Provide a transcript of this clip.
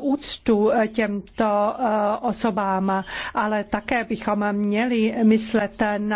úctu eh, těmto eh, osobám, ale také bychom měli myslet na